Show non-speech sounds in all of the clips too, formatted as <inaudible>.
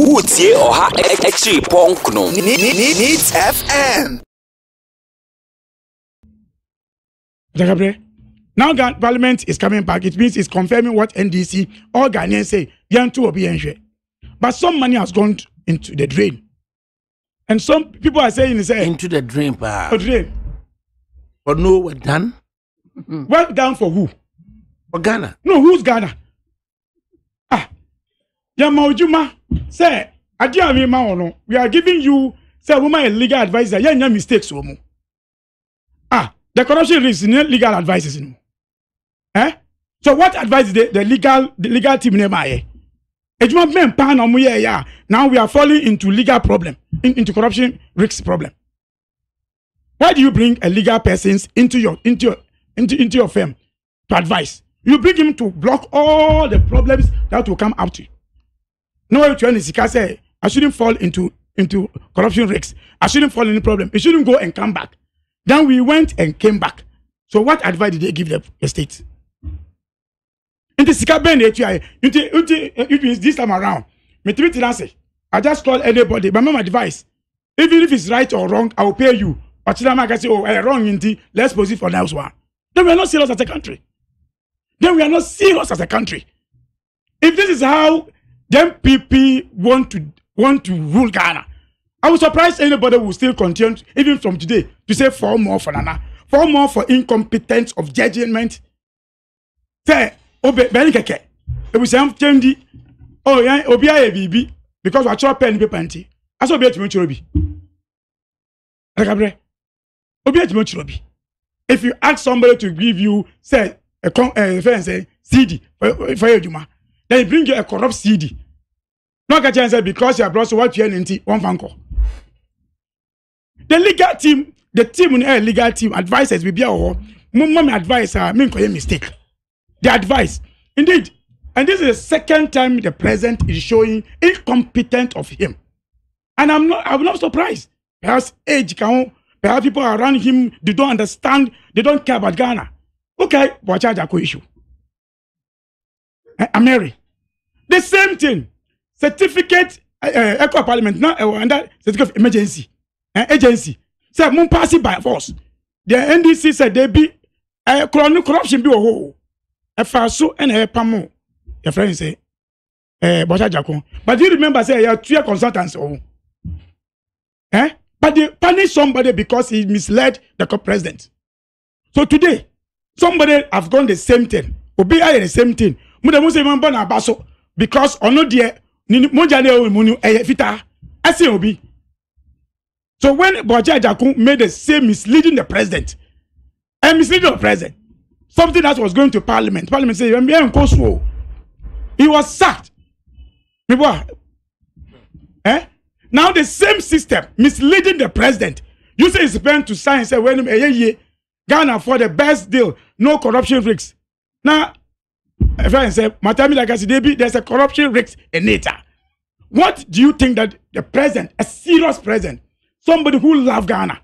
wotie ɔha akyiri pɔnkno needs fm Jagabre, now Ghana Parliament is coming back. It means it's confirming what NDC or Ghanaians say. two will be enjoy. But some money has gone into the drain. And some people are saying, say, Into the drain, pa. The drain. But no, we're done. well done for who? For Ghana. No, who's Ghana? Ah, yɛma odwuma sɛ adeɛ a mema wo no we are giving you sɛ woma yɛ legal adviser yɛnya mistakes wɔ mu ah the corruption risk ne legal advices no eh? so what advice the, the legal the legal team ne maayɛ adwuma eh? bɛn paa na ɔmo yɛɛyɛ a now we are falling into legal problem in, into corruption risk problem why do you bring a legal person into your into your into, into your firm to advise you bring him to block all the problems that will come out to you na wɔyɛ tua ne sika say i shouldn't fall into into corruption risks i shouldn't fall in any problem it shouldn't go and come back then we went and came back so what advice did they give the, the state nti sika bɛn na etua yɛ nti eh, it means this time around mitimi tena ase i just call anybody but my advice even if it's right or wrong i will pay you ɔkyerɛ ama akasi o ɛyɛ wrong nti let's proceed for now, one then we are not serious as a country then we are not serious as a country if this is how the MPP want to want to rule Ghana. I was surprised anybody will still continue, even from today, to say four more for Nana, four more for incompetence of judgment. Say, obe bẹẹni kẹkẹ, ebusi am chendi, oh yeah, obi ayẹ biribi because wa chọrọ pen paper nti, aso obi etumi chọrọ bi. Adakabere, obi etumi chọrọ bi. If you ask somebody to give you say a con a eh, friend say CD for for your juma, then you bring you a corrupt CD na ɔka sɛ because yɛ aborɔ so wɔatwea ne nti wɔmfa nkɔ the legal team the team no ɛyɛ eh, legal team advisers biribi a wɔ hɔ mma me advice a menkɔyɛ mistake the advice indeed and this is the second time the president is showing incompetent of him and i'm not i'm not surprised perhaps age ka ho perhaps people around him they don't understand they don't care about ghana okay but charge akɔ issue i'm eh, married the same thing certificate ẹkọ uh, eh, eh, parliament na uh, eh, under certificate of emergency uh, agency sẹ mo pass by force the ndc said they be ẹ kọrọ corruption bi wọ hó so ẹna ẹ pam o yẹ fẹ n sẹ ẹ bọsa jako but you remember sẹ yẹ tuya consultants ọwọ oh? Eh? but they punish somebody because he misled the president so today somebody have gone the same thing obi ayẹ the same thing mo dẹ mo sẹ mo n na aba so because ọno deɛ nini monjade omunu ẹyẹ fita, ẹsẹ obi so when Bọ̀jẹ́ Àjàkú made the same misleading the president and misleading the president something that was going to parliament parliament say ẹn bí ẹn he was sacked people eh now the same system misleading the president You say his pen to sign say when ẹ̀yẹ́ yie Ghana for the best deal no corruption risks Now friend said, Matami Lagasidebi, there's a corruption risk in it. What do you think that the president, a serious president, somebody who loves Ghana,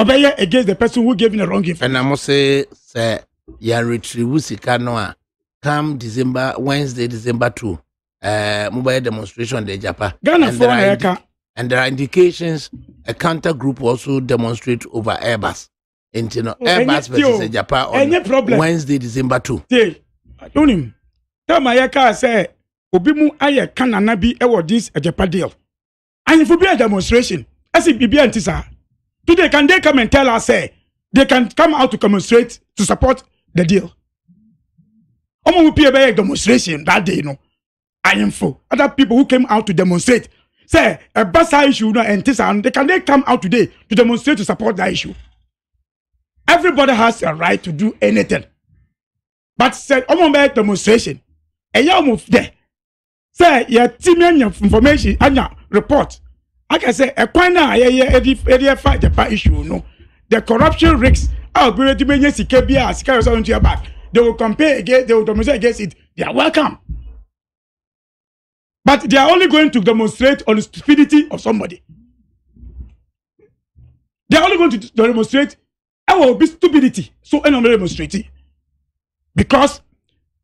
obey against the person who gave him the wrong information? And I must say, sir, your Yaritri Wusikanoa, come December, Wednesday, December 2, uh, eh, mobile demonstration in Japan. Ghana for America. And there are indications a counter group also demonstrate over Airbus. And you know, Airbus versus Japan on Wednesday, December 2. See wonim tɛma yɛkaa sɛ obi mu ayɛ kanana bi wɔ this agyapa deal ahemfo bi a demonstration ɛsi biribia nti saa today can they come and tell us say they can come out to demonstrate to support the deal ọmọ wo pie bɛyɛ demonstration that day no ahemfo other people who came out to demonstrate say ɛba saa issue no ɛnti saa no they can they come out today to demonstrate to support that issue everybody has a right to do anything but sɛ ɔmo bɛ demonstration ɛyɛ ɔmo dɛ sɛ yɛtumi anya information anya report aka sɛ ɛkwan na yɛyɛ ɛdi ɛdi ɛfa japan issue no the corruption risk a obi bɛ tumi nye sika bi a sika yɛ sɔrɔ ntua back they will compare against they will demonstrate against it they are welcome but they are only going to demonstrate on the stupidity of somebody they are only going to demonstrate ɛwɔ obi stupidity so ɛna ɔmo demonstrate because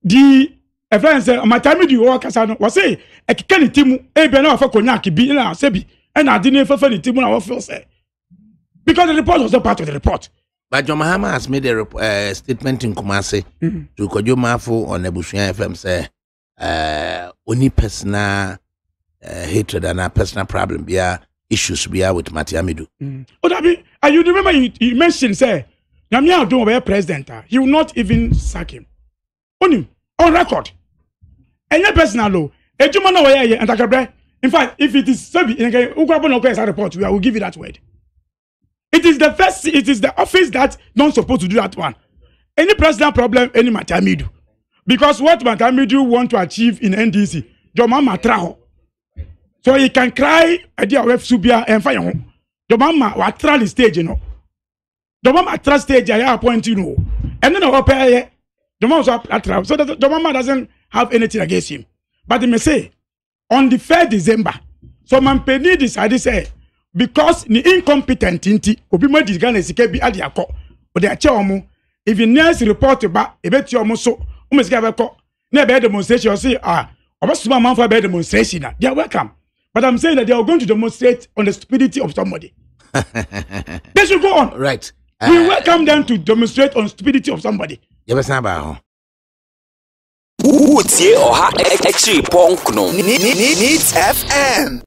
di ɛfɛ n sɛ ɔmatami di wɔwɔ kasa no wɔsi eh, ɛkeka ne ti mu ebien eh, na wɔfɛ konya akibi ɛna asebi ɛna eh, adi ne fɛfɛ ne ti mu na wɔfɛ sɛ because the report was not part of the report. But John Mahama has made a uh, statement in Kumasi mm-hmm. to Kojo Mafu on Ebusuan FM say uh, only personal hatred and personal problem be issues be with Matiamidu. Mm. Oh, that be, uh, you remember you, you mentioned say nyame adom ɔbɛyɛ president a he will not even sack him onim on record ɛnyɛ personal o edwuma na wɔyɛ ɛyɛ ntakabrɛ in fact if it is sebi nkɛ nkɔ abɔna ɔkɔ report we will give you that word it is the first it is the office that don suppose to do that one any president problem any matamidu because what matamidu want to achieve in ndc jɔnma ma tra so he can cry ɛdi awɛ subia ɛnfa yɛn ho jɔnma ma wa tra the stage you know dɔmɔ ma tra stage a yɛ appointing no ɛne na ɔpɛ yɛ dɔmɔ nso atra so that dɔmɔ ma doesn't have anything against him but me say on the first december so Peni decide say because ni incompetent nti obi ma di ghana sika bi adi akɔ ɔde akyɛ wɔn if the nurse report ba ebetia wɔn so wɔn sika bɛ kɔ na ɛbɛyɛ demonstration ɔsi ah ɔbɛsoma amanfo ɛbɛyɛ demonstration na they are welcome but i'm saying that they are going to demonstrate on the stupidity of somebody <laughs> they should go on right we welcome them to demonstrate on stupidity of somebody. yɛbɛsan baa ho wotie ɔha ɛkyiri pɔnkno neat fm